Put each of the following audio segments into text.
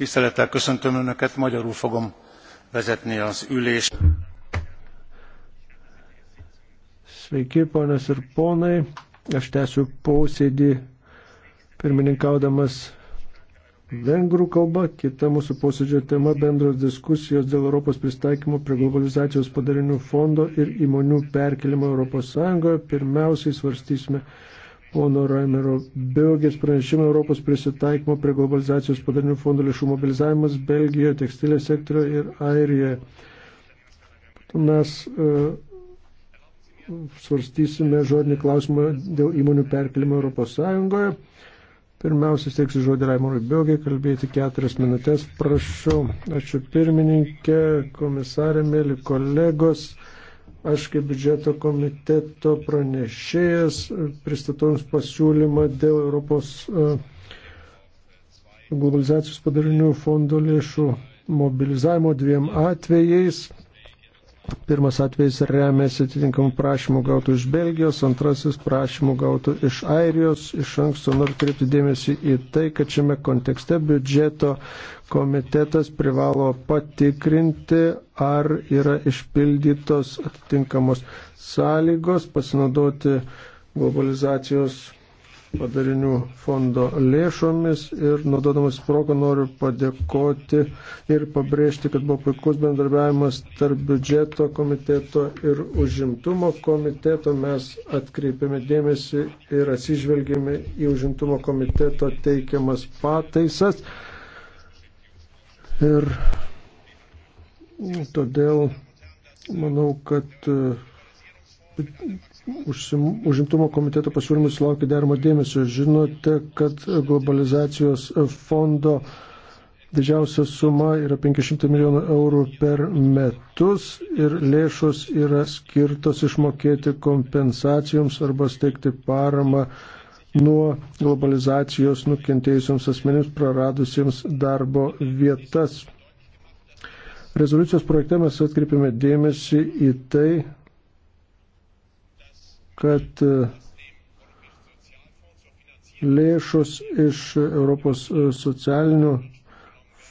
Tisztelettel köszöntöm Önöket, magyarul fogom vezetni az ülést. Sveiki, ponas ir ponai. Aš tęsiu posėdį pirmininkaudamas vengrų kalba. Kita mūsų posėdžio tema - bendros diskusijos dėl Europos pristaikymo prie globalizacijos padarinių fondo ir įmonių perkelimo ES. Pirmiausiai svarstysime pono Raimero Biogės pranešimą Europos prisitaikymo prie globalizacijos padarinių fondų lėšų mobilizavimas Belgijoje, tekstilės sektoriuje ir Airijoje. Mes uh, svarstysime žodinį klausimą dėl įmonių perkelimo Europos Sąjungoje. Pirmiausia, steiksiu žodį Raimorui Biogiai, kalbėti keturias minutės. Prašau, ačiū pirmininkė, komisarė, mėly kolegos. Uh, Aš kaip biudžeto komiteto pranešėjas pristatau Jums pasiūlymą dėl Europos e, globalizacijos padarinių fondo lėšų mobilizavimo dviem atvejais. Pirmas atvejis remiasi atitinkamų prašymų gautų iš Belgijos, antrasis prašymų gautų iš Airijos. Iš anksto noriu kreipti dėmesį į tai, kad šiame kontekste biudžeto komitetas privalo patikrinti, ar yra išpildytos atitinkamos sąlygos pasinaudoti globalizacijos padarinių fondo lėšomis ir naudodamas progą noriu padėkoti ir pabrėžti, kad buvo puikus bendarbiavimas tarp biudžeto komiteto ir užimtumo komiteto. Mes atkreipėme dėmesį ir atsižvelgėme į užimtumo komiteto teikiamas pataisas. Ir todėl manau, kad e, užimtumo komiteto pasiūlymai sulaukė dermo dėmesio. Žinote, kad globalizacijos fondo didžiausia suma yra 500 milijonų eurų per metus ir lėšos yra skirtos išmokėti kompensacijoms arba steigti paramą uh, nuo globalizacijos nukentėjusiams asmenims praradusiems darbo vietas. Rezoliucijos projekte mes atkreipiame dėmesį į tai, kad e, lėšos iš Europos e, socialinių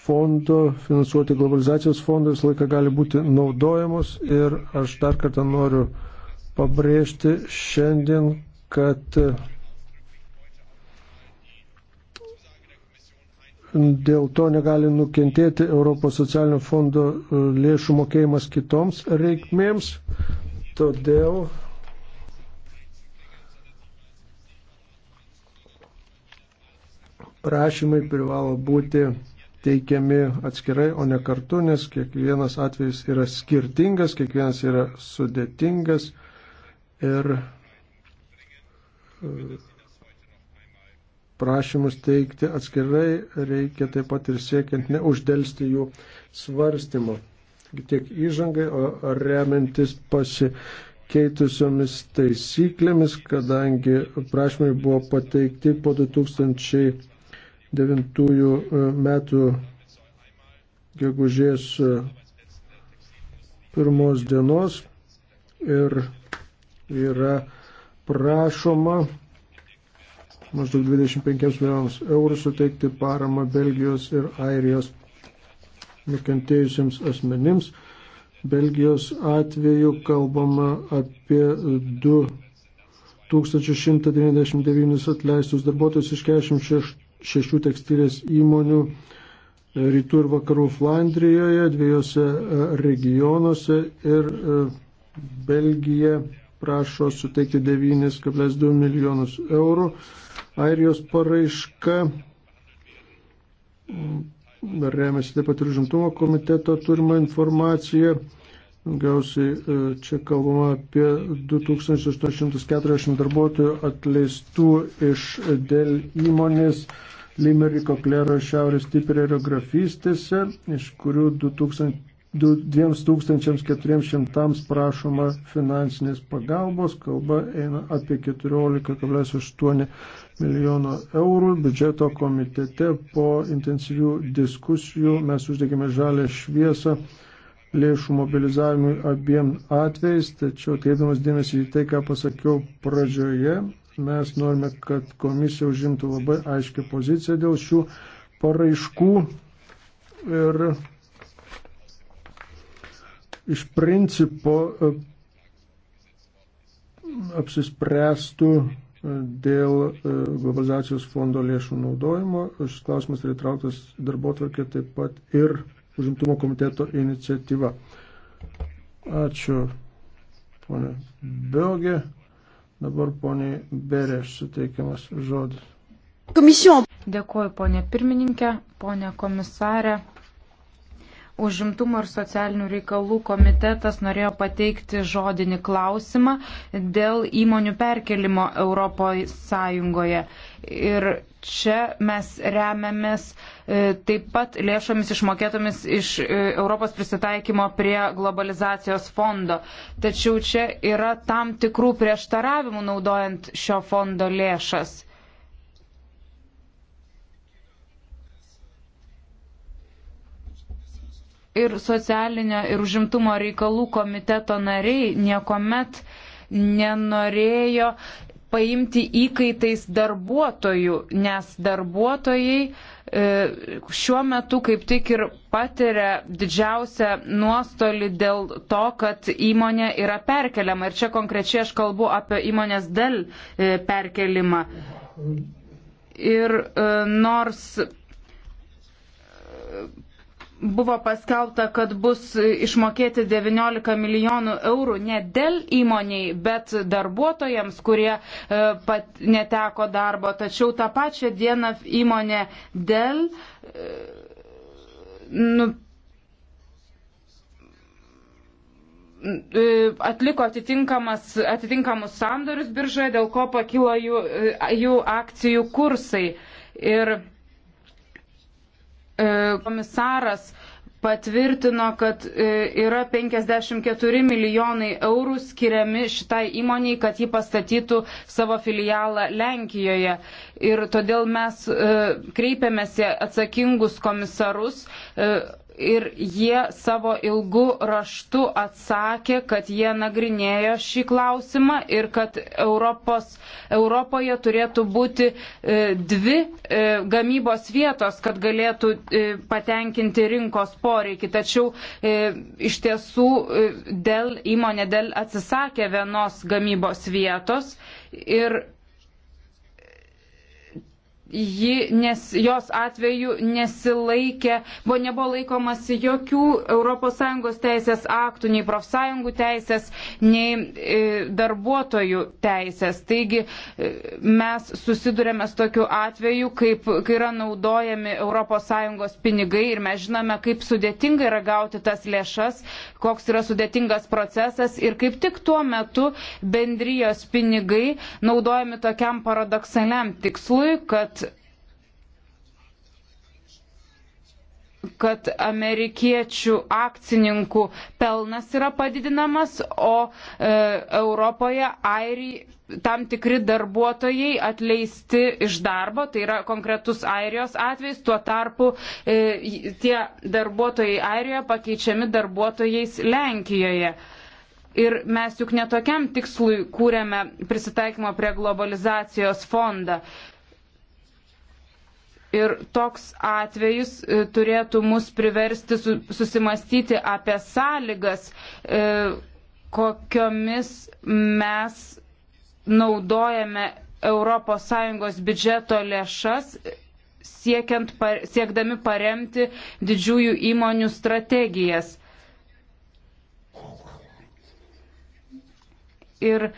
fondo, finansuoti globalizacijos fondo visą laiką gali būti naudojamos ir aš dar kartą noriu pabrėžti šiandien, kad dėl to negali nukentėti Europos socialinio fondo e, lėšų mokėjimas kitoms reikmėms. Todėl prašymai privalo būti teikiami atskirai, o ne kartu, nes kiekvienas atvejis yra skirtingas, kiekvienas yra sudėtingas ir e, prašymus teikti atskirai, reikia taip pat ir siekiant neuždėlsti jų svarstymo. Tiek įžangai, o remiantis pasikeitusiomis taisyklėmis, kadangi prašymai buvo pateikti po 2009 e, metų gegužės e, pirmos dienos ir yra prašoma maždaug 25 milijonams eurų suteikti paramą Belgijos ir Airijos nukentėjusiems asmenims. Belgijos atveju kalbama apie 2 1199 atleistus darbuotojus iš 46 tekstilės įmonių rytų ir vakarų Flandrijoje, dviejose e, regionuose ir e, Belgija prašo suteikti 9,2 milijonus eurų Airijos paraiška dar remiasi taip pat ir žimtumo komiteto turimą informaciją. Gausiai e, čia kalbama apie 2840 darbuotojų atleistų iš dėl įmonės Limeriko klero šiaurės Tiperio grafystėse, iš kurių 2000, 2400 prašoma finansinės pagalbos, kalba eina apie 14,8 milijono eurų. Biudžeto komitete po intensyvių diskusijų mes uždegėme žalę šviesą lėšų mobilizavimui abiem atvejais, tačiau teikdamas dėmesį į tai, ką pasakiau pradžioje, mes norime, kad komisija užimtų labai aiškę poziciją dėl šių paraiškų ir iš principo e, apsispręstų dėl e, globalizacijos fondo lėšų naudojimo. Šis klausimas yra įtrauktas darbo tvarkė taip pat ir užimtumo komiteto iniciatyva. Ačiū, ponė Belgė. Dabar ponė Bereš suteikiamas žodis. Komisijom. Dėkuoju, ponė pirmininkė, ponė komisarė. Užimtumo ir socialinių reikalų komitetas norėjo pateikti žodinį klausimą dėl įmonių perkelimo Europoje Sąjungoje. Ir čia mes remiamės e, taip pat lėšomis išmokėtomis iš e, Europos prisitaikymo prie globalizacijos fondo. Tačiau čia yra tam tikrų prieštaravimų naudojant šio fondo lėšas. ir socialinio ir užimtumo reikalų komiteto nariai niekuomet nenorėjo paimti įkaitais darbuotojų, nes darbuotojai e, šiuo metu kaip tik ir patiria didžiausią nuostolį dėl to, kad įmonė yra perkeliama. Ir čia konkrečiai aš kalbu apie įmonės dėl e, perkelimą. Ir e, nors buvo paskelbta, kad bus išmokėti 19 milijonų eurų ne dėl įmoniai, bet darbuotojams, kurie e, pat neteko darbo. Tačiau tą pačią dieną įmonė dėl. E, nu, e, atliko atitinkamus sandorius biržoje, dėl ko pakilo jų, jų akcijų kursai. Ir E, komisaras patvirtino, kad e, yra 54 milijonai eurų skiriami šitai įmoniai, kad ji pastatytų savo filialą Lenkijoje. Ir todėl mes e, kreipiamės atsakingus komisarus ir jie savo ilgu raštu atsakė, kad jie nagrinėjo šį klausimą ir kad Europos, Europoje turėtų būti e, dvi e, gamybos vietos, kad galėtų e, patenkinti rinkos poreikį. Tačiau iš tiesų dėl įmonė dėl atsisakė vienos gamybos vietos ir ji, nes jos atveju nesilaikė, buvo nebuvo laikomasi jokių ES teisės aktų, nei profsąjungų teisės, nei e, darbuotojų teisės. Taigi e, mes susidurėme su tokiu atveju, kaip, kai yra naudojami ES pinigai ir mes žinome, kaip sudėtinga yra gauti tas lėšas, koks yra sudėtingas procesas ir kaip tik tuo metu bendrijos pinigai naudojami tokiam paradoksaliam tikslui, kad kad amerikiečių akcininkų pelnas yra padidinamas, o e, Europoje airiai tam tikri darbuotojai atleisti iš darbo, tai yra konkretus airijos atvejs, tuo tarpu e, tie darbuotojai airijoje pakeičiami darbuotojais Lenkijoje. Ir mes juk netokiam tikslui kūrėme prisitaikymo prie globalizacijos fondą. E, Ir toks atvejis e, turėtų mus priversti susimastyti apie sąlygas, e, kokiomis mes naudojame ES biudžeto lėšas siekiant, siekdami paremti didžiųjų įmonių strategijas. Ir e,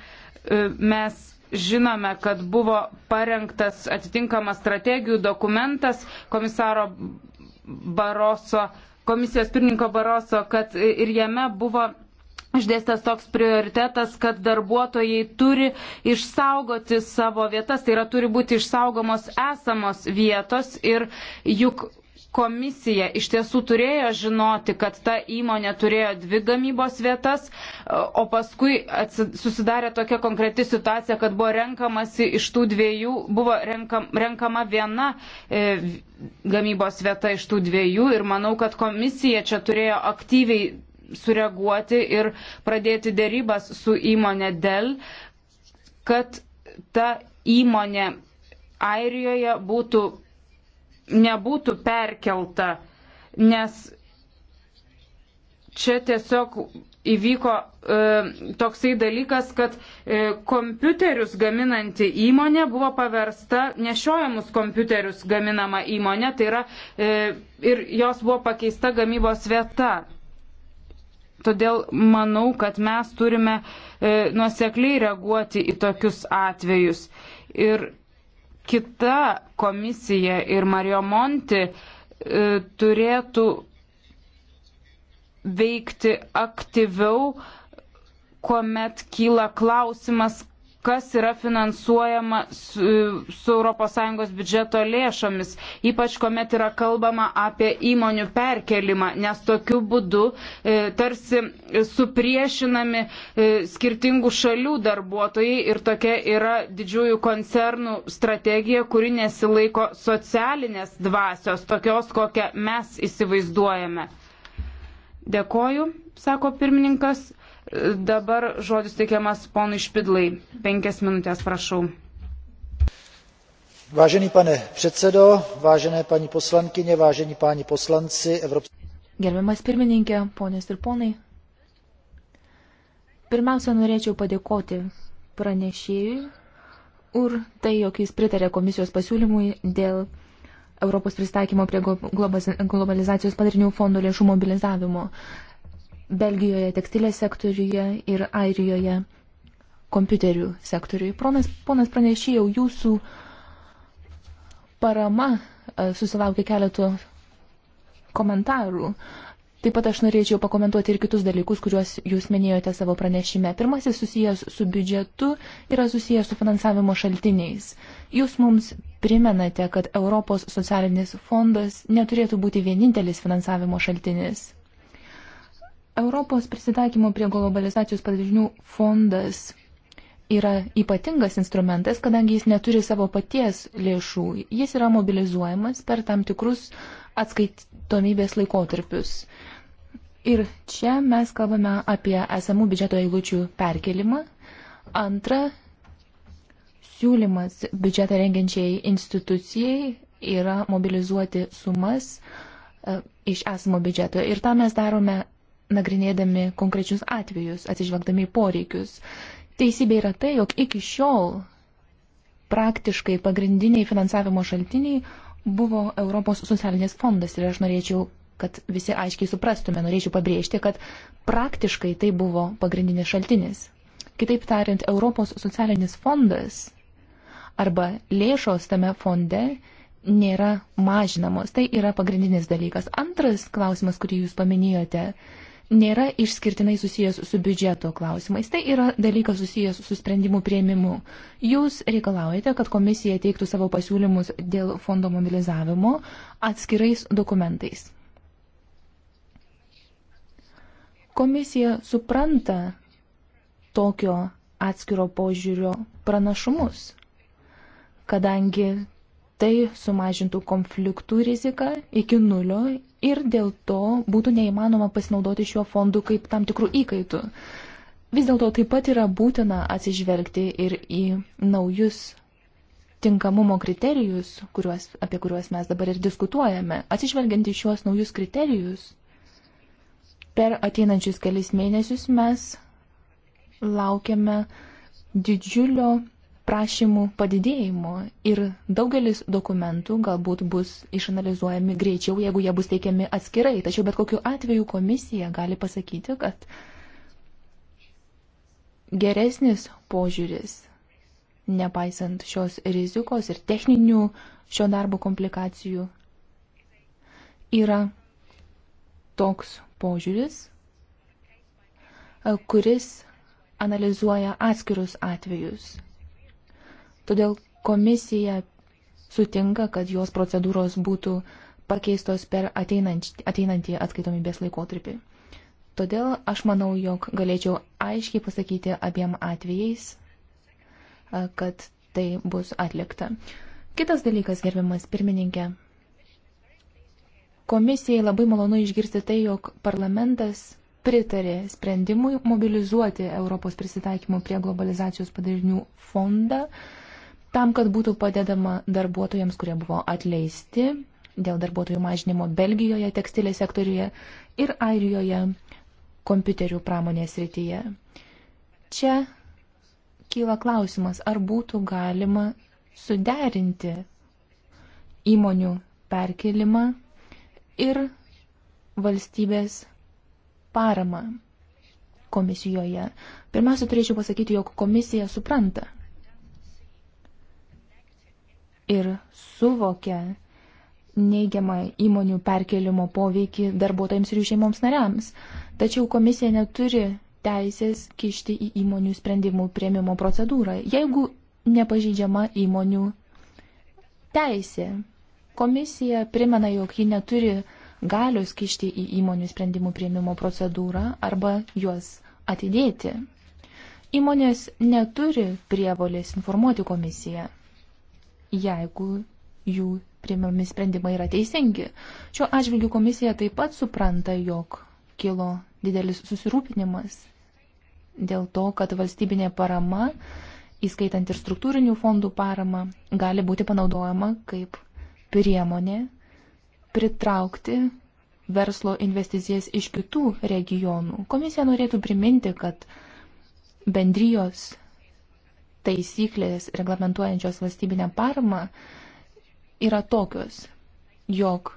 mes žinome, kad buvo parengtas atitinkamas strategijų dokumentas komisaro Baroso, komisijos pirmininko Baroso, kad ir jame buvo išdėstas toks prioritetas, kad darbuotojai turi išsaugoti savo vietas, tai yra turi būti išsaugomos esamos vietos ir juk komisija iš tiesų turėjo žinoti, kad ta įmonė turėjo dvi gamybos vietas, o paskui susidarė tokia konkreti situacija, kad buvo renkamasi iš tų dviejų, buvo renkam, renkama viena e, gamybos vieta iš tų dviejų ir manau, kad komisija čia turėjo aktyviai sureaguoti ir pradėti dėrybas su įmonė dėl, kad ta įmonė Airijoje būtų nebūtų perkelta, nes čia tiesiog įvyko e, toksai dalykas, kad e, kompiuterius gaminanti įmonė buvo paversta nešiojamus kompiuterius gaminama įmonė, tai yra e, ir jos buvo pakeista gamybos vieta. Todėl manau, kad mes turime e, nuosekliai reaguoti į tokius atvejus. Ir kita komisija ir Mario Monti e, turėtų veikti aktyviau, kuomet kyla klausimas, kas yra finansuojama su, su ES biudžeto lėšomis, ypač kuomet yra kalbama apie įmonių perkelimą, nes tokiu būdu e, tarsi supriešinami e, skirtingų šalių darbuotojai ir tokia yra didžiųjų koncernų strategija, kuri nesilaiko socialinės dvasios, tokios, kokią mes įsivaizduojame. Dėkoju, sako pirmininkas. Dabar žodis teikiamas ponui Špidlai. Penkias minutės, prašau. Vážený pane předsedo, vážené paní poslankyně, vážení páni poslanci Evropské. Gerbiamas pirmininkė, ponės ir ponai. Pirmiausia, norėčiau padėkoti pranešėjui ir tai, jog jis pritarė komisijos pasiūlymui dėl Europos pristaikymo prie globalizacijos padarinių fondo lėšų mobilizavimo. Belgijoje tekstilės sektoriuje ir Airijoje kompiuterių sektoriui. Pronas, ponas pranešėjau, jūsų parama e, susilaukė keletų komentarų. Taip pat aš norėčiau pakomentuoti ir kitus dalykus, kuriuos jūs minėjote savo pranešime. Pirmasis susijęs su biudžetu yra susijęs su finansavimo šaltiniais. Jūs mums primenate, kad Europos socialinis fondas neturėtų būti vienintelis finansavimo šaltinis. Europos prisitaikymo prie globalizacijos padarinių fondas yra ypatingas instrumentas, kadangi jis neturi savo paties lėšų. Jis yra mobilizuojamas per tam tikrus atskaitomybės laikotarpius. Ir čia mes kalbame apie esamų biudžeto eilučių perkelimą. Antra, siūlymas biudžetą rengiančiai institucijai yra mobilizuoti sumas e, iš esamo biudžeto. Ir tą mes darome nagrinėdami konkrečius atvejus, atsižvelgdami į poreikius. Teisybė yra tai, jog iki šiol praktiškai pagrindiniai finansavimo šaltiniai buvo Europos socialinės fondas ir aš norėčiau, kad visi aiškiai suprastume, norėčiau pabrėžti, kad praktiškai tai buvo pagrindinis šaltinis. Kitaip tariant, Europos socialinis fondas arba lėšos tame fonde nėra mažinamos. Tai yra pagrindinis dalykas. Antras klausimas, kurį jūs paminėjote, nėra išskirtinai susijęs su biudžeto klausimais, tai yra dalykas susijęs su sprendimu prieimimu. Jūs reikalaujate, kad komisija teiktų savo pasiūlymus dėl fondo mobilizavimo atskirais dokumentais. Komisija supranta tokio atskiro požiūrio pranašumus, kadangi Tai sumažintų konfliktų riziką iki nulio ir dėl to būtų neįmanoma pasinaudoti šiuo fondu kaip tam tikrų įkaitų. Vis dėlto taip pat yra būtina atsižvelgti ir į naujus tinkamumo kriterijus, kuriuos, apie kuriuos mes dabar ir diskutuojame. Atsižvelgiant į šiuos naujus kriterijus, per ateinančius kelis mėnesius mes laukiame didžiulio prašymų padidėjimu ir daugelis dokumentų galbūt bus išanalizuojami greičiau, jeigu jie bus teikiami atskirai. Tačiau bet kokiu atveju komisija gali pasakyti, kad geresnis požiūris, nepaisant šios rizikos ir techninių šio darbo komplikacijų, yra toks požiūris, kuris analizuoja atskirus atvejus Todėl komisija sutinka, kad jos procedūros būtų pakeistos per ateinantį atskaitomybės laikotarpį. Todėl aš manau, jog galėčiau aiškiai pasakyti abiem atvejais, kad tai bus atlikta. Kitas dalykas, gerbiamas pirmininkė. Komisijai labai malonu išgirsti tai, jog parlamentas pritarė sprendimui mobilizuoti Europos prisitaikymų prie globalizacijos padarinių fondą uh, tam, kad būtų padedama darbuotojams, kurie buvo atleisti dėl darbuotojų mažinimo Belgijoje tekstilės sektoriuje ir Airijoje kompiuterių pramonės rytyje. Čia kyla klausimas, ar būtų galima suderinti įmonių perkelimą ir valstybės paramą komisijoje. Pirmiausia, turėčiau pasakyti, jog komisija supranta, ir suvokia neigiamą įmonių perkelimo poveikį darbuotojams ir jų šeimoms nariams. Tačiau komisija neturi teisės kišti į įmonių sprendimų prieimimo procedūrą, jeigu nepažydžiama įmonių teisė. Komisija primena, jog ji neturi galios kišti į įmonių sprendimų prieimimo procedūrą arba juos atidėti. Įmonės neturi prievolės informuoti komisiją jeigu jų priimami sprendimai yra teisingi. Šiuo atžvilgiu komisija taip pat supranta, jog kilo didelis susirūpinimas dėl to, kad valstybinė parama, įskaitant ir struktūrinių fondų parama, gali būti panaudojama kaip priemonė pritraukti verslo investicijas iš kitų regionų. Komisija norėtų priminti, kad bendrijos taisyklės reglamentuojančios valstybinę paramą yra tokios, jog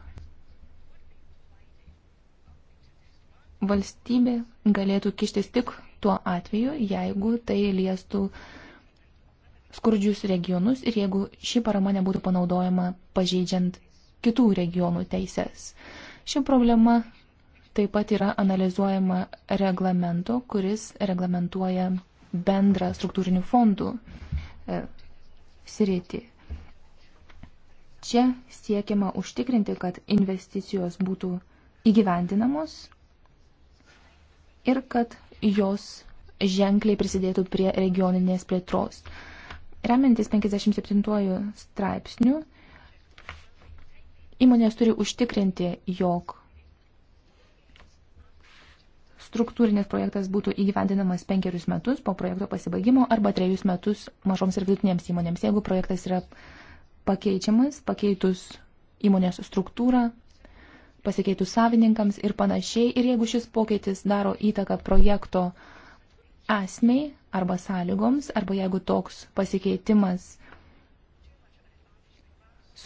valstybė galėtų kištis tik tuo atveju, jeigu tai liestų skurdžius regionus ir jeigu ši parama nebūtų panaudojama pažeidžiant kitų regionų teises. Ši problema taip pat yra analizuojama reglamento, kuris reglamentuoja bendrą struktūrinių fondų e, sritį. Čia siekiama užtikrinti, kad investicijos būtų įgyvendinamos ir kad jos ženkliai prisidėtų prie regioninės plėtros. Remiantis 57 straipsnių, įmonės turi užtikrinti, jog struktūrinis projektas būtų įgyvendinamas penkerius metus po projekto pasibaigimo arba trejus metus mažoms ir vidutinėms įmonėms. Jeigu projektas yra pakeičiamas, pakeitus įmonės struktūrą, pasikeitus savininkams ir panašiai, ir jeigu šis pokytis daro įtaką projekto esmei arba sąlygoms, arba jeigu toks pasikeitimas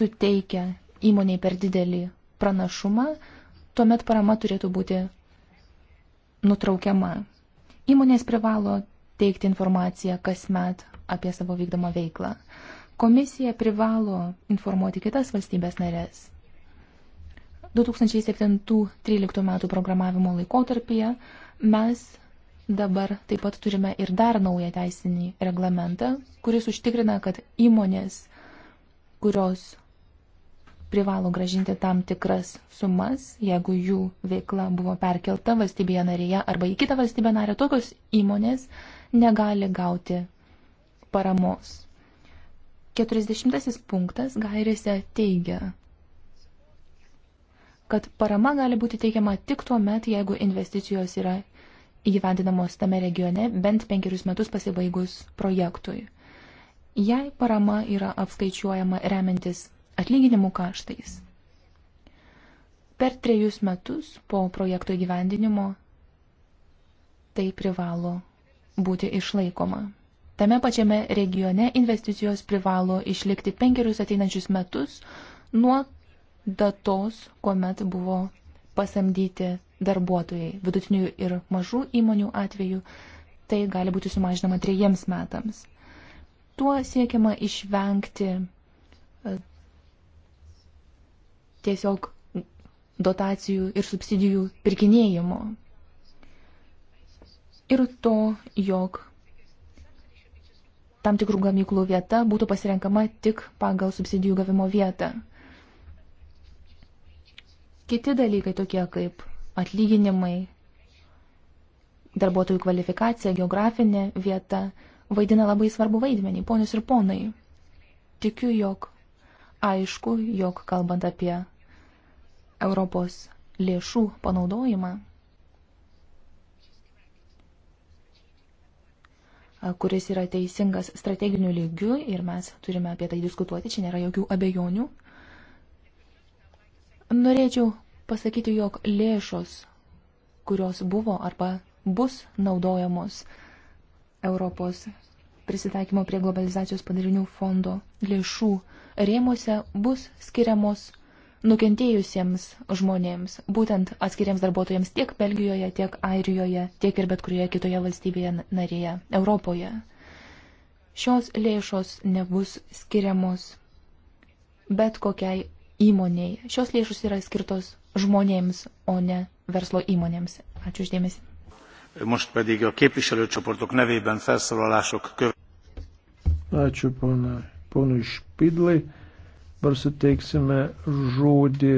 suteikia įmoniai per didelį pranašumą, tuomet parama turėtų būti nutraukiama. Įmonės privalo teikti informaciją kasmet apie savo vykdomą veiklą. Komisija privalo informuoti kitas valstybės narės. 2007-2013 metų programavimo laikotarpyje mes dabar taip pat turime ir dar naują teisinį reglamentą, kuris užtikrina, kad įmonės, kurios privalo gražinti tam tikras sumas, jeigu jų veikla buvo perkelta valstybėje narėje arba į kitą valstybę narę, tokios įmonės negali gauti paramos. 40 punktas gairėse teigia, kad parama gali būti teikiama tik tuo met, jeigu investicijos yra įgyvendinamos tame regione bent penkerius metus pasibaigus projektui. Jei parama yra apskaičiuojama remiantis atlyginimų kaštais. Per trejus metus po projekto įgyvendinimo tai privalo būti išlaikoma. Tame pačiame regione investicijos privalo išlikti penkerius ateinančius metus nuo datos, kuomet buvo pasamdyti darbuotojai. Vidutinių ir mažų įmonių atveju tai gali būti sumažinama trejiems metams. Tuo siekiama išvengti tiesiog dotacijų ir subsidijų pirkinėjimo. Ir to, jog tam tikrų gamyklų vieta būtų pasirenkama tik pagal subsidijų gavimo vietą. Kiti dalykai tokie kaip atlyginimai, darbuotojų kvalifikacija, geografinė vieta vaidina labai svarbu vaidmenį, ponius ir ponai. Tikiu, jog aišku, jog kalbant apie Europos lėšų panaudojimą, kuris yra teisingas strateginiu lygiu ir mes turime apie tai diskutuoti, čia nėra jokių abejonių. Norėčiau pasakyti, jog lėšos, kurios buvo arba bus naudojamos Europos prisitaikymo prie globalizacijos padarinių fondo lėšų rėmose, bus skiriamos nukentėjusiems žmonėms, būtent atskiriems darbuotojams tiek Belgijoje, tiek Airijoje, tiek ir bet kurioje kitoje valstybėje narėje Europoje. Šios lėšos nebus skiriamos bet kokiai įmoniai. Šios lėšos yra skirtos žmonėms, o ne verslo įmonėms. Ačiū uždėmesi. Most pedig a képviselőcsoportok nevében felszólalások követ. Ačiū ponui Špidlai. Dabar suteiksime žodį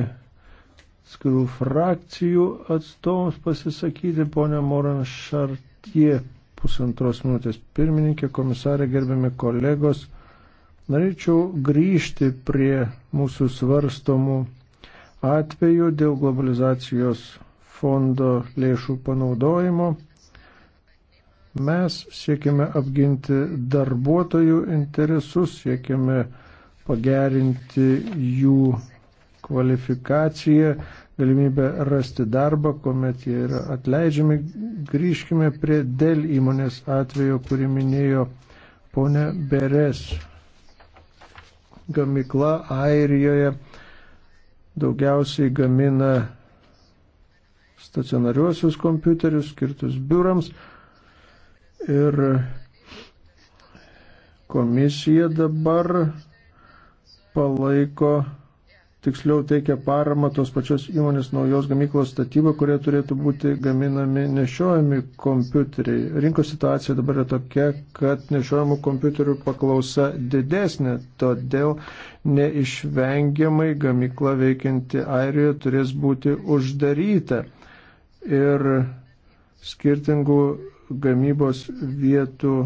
skirų frakcijų atstovams pasisakyti, ponia Moran Šartie, pusantros minutės pirmininkė, komisarė, gerbiami kolegos. Norėčiau grįžti prie mūsų svarstomų atvejų dėl globalizacijos fondo lėšų panaudojimo. Mes siekime apginti darbuotojų interesus, siekime uh, pagerinti jų kvalifikaciją, galimybę rasti darbą, kuomet jie yra atleidžiami. Grįžkime prie dėl įmonės atvejo, kurį minėjo ponė Beres. Gamikla Airijoje daugiausiai gamina stacionariuosius kompiuterius skirtus biurams ir komisija dabar palaiko, tiksliau teikia paramą tos pačios įmonės naujos gamyklos statybą, kurie turėtų būti gaminami nešiojami kompiuteriai. Rinkos situacija dabar yra tokia, kad nešiojamų kompiuterių paklausa didesnė, todėl neišvengiamai gamykla veikianti Airijoje turės būti uždaryta. Ir skirtingų gamybos vietų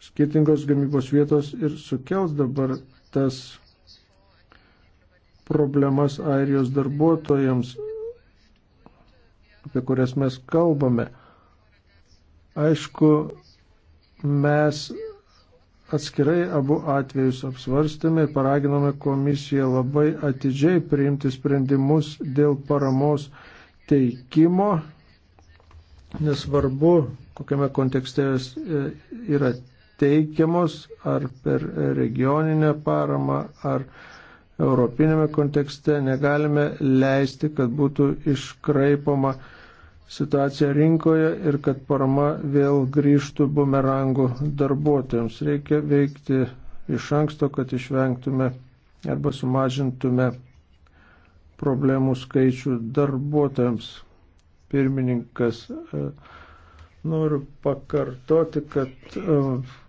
skirtingos gamybos vietos ir sukels dabar tas problemas airijos darbuotojams, apie kurias mes kalbame. Aišku, mes atskirai abu atvejus apsvarstėme ir paraginome komisiją labai atidžiai priimti sprendimus dėl paramos teikimo, nesvarbu, kokiame kontekste e, yra teikiamos ar per regioninę paramą, ar europinėme kontekste. Negalime leisti, kad būtų iškraipoma situacija rinkoje ir kad parama vėl grįžtų bumerangų darbuotojams. Reikia veikti iš anksto, kad išvengtume arba sumažintume problemų skaičių darbuotojams. Pirmininkas uh, Noriu pakartoti, kad e,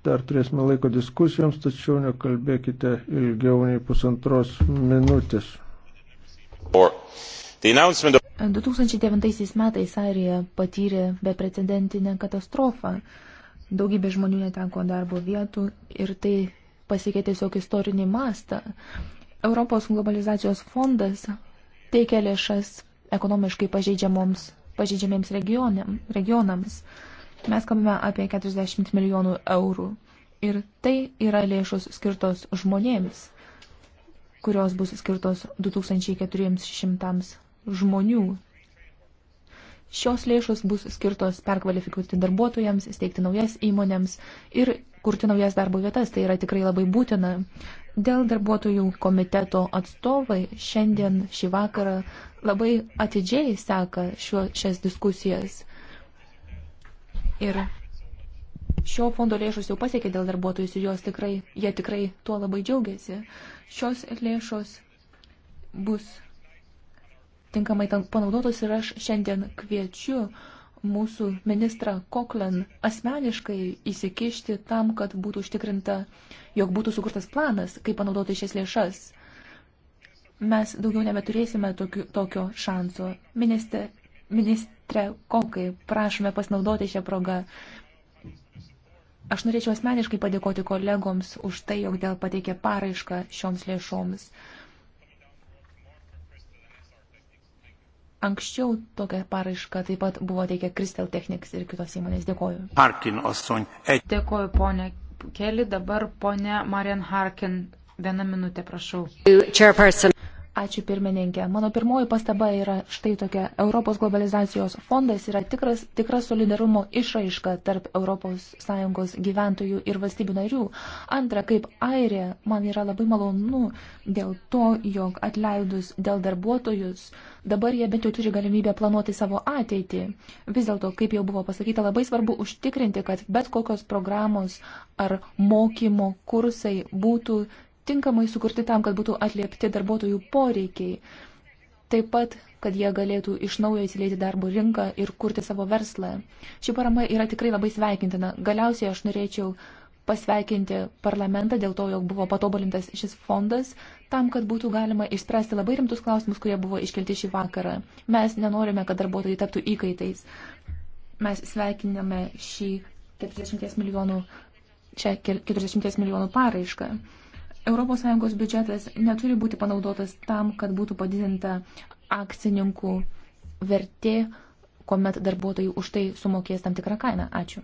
dar turėsime laiko diskusijoms, tačiau nekalbėkite ilgiau nei pusantros minutės. 2009 metais Airija patyrė beprecedentinę katastrofą. Daugybė žmonių netenko darbo vietų ir tai pasiekė tiesiog istorinį mastą. Europos globalizacijos fondas teikia lėšas ekonomiškai pažeidžiamoms pažydžiamiems regioniam, regionams. Mes kalbame apie 40 milijonų eurų. Ir tai yra lėšos skirtos žmonėms, kurios bus skirtos 2400 žmonių. Šios lėšos bus skirtos perkvalifikuoti darbuotojams, steigti naujas įmonėms ir kurti naujas darbo vietas. Tai yra tikrai labai būtina. Dėl darbuotojų komiteto atstovai šiandien šį vakarą labai atidžiai seka šio, šias diskusijas. Ir šio fondo lėšos jau pasiekė dėl darbuotojus ir jos tikrai, jie tikrai tuo labai džiaugiasi. Šios lėšos bus tinkamai panaudotos ir aš šiandien kviečiu mūsų ministrą Koklen asmeniškai įsikišti tam, kad būtų užtikrinta, jog būtų sukurtas planas, kaip panaudoti šias lėšas. Mes daugiau nebeturėsime tokiu, tokio šanso. Minister, Ministre Kokai, prašome pasinaudoti šią progą. Aš norėčiau asmeniškai padėkoti kolegoms už tai, jog dėl pateikė paraišką šioms lėšoms. Anksčiau tokią paraišką taip pat buvo teikę Crystal Technics ir kitos įmonės. Dėkoju. Harkin, Oson. Dėkoju, ponė Keli. Dabar ponė Marian Harkin. Vieną minutę, prašau. Chairperson. Ačiū pirmininkė. Mano pirmoji pastaba yra štai tokia. Europos globalizacijos fondas yra tikras, tikras solidarumo išraiška tarp ES gyventojų ir valstybių narių. Antra, kaip airė, man yra labai malonu dėl to, jog atleidus dėl darbuotojus, dabar jie bent jau turi galimybę planuoti savo ateitį. Vis dėlto, kaip jau buvo pasakyta, labai svarbu užtikrinti, kad bet kokios programos ar mokymo kursai būtų tinkamai sukurti tam, kad būtų atliepti darbuotojų poreikiai. Taip pat, kad jie galėtų iš naujo įsileiti darbo rinką ir kurti savo verslą. Ši parama yra tikrai labai sveikintina. Galiausiai aš norėčiau pasveikinti parlamentą dėl to, jog buvo patobulintas šis fondas, tam, kad būtų galima išspręsti labai rimtus klausimus, kurie buvo iškelti šį vakarą. Mes nenorime, kad darbuotojai taptų įkaitais. Mes sveikiname šį 40 milijonų, šią 40 milijonų paraišką. ES biudžetas neturi būti panaudotas tam, kad būtų padidinta akcininkų vertė, kuomet darbuotojai už tai sumokės tam tikrą kainą. Ačiū.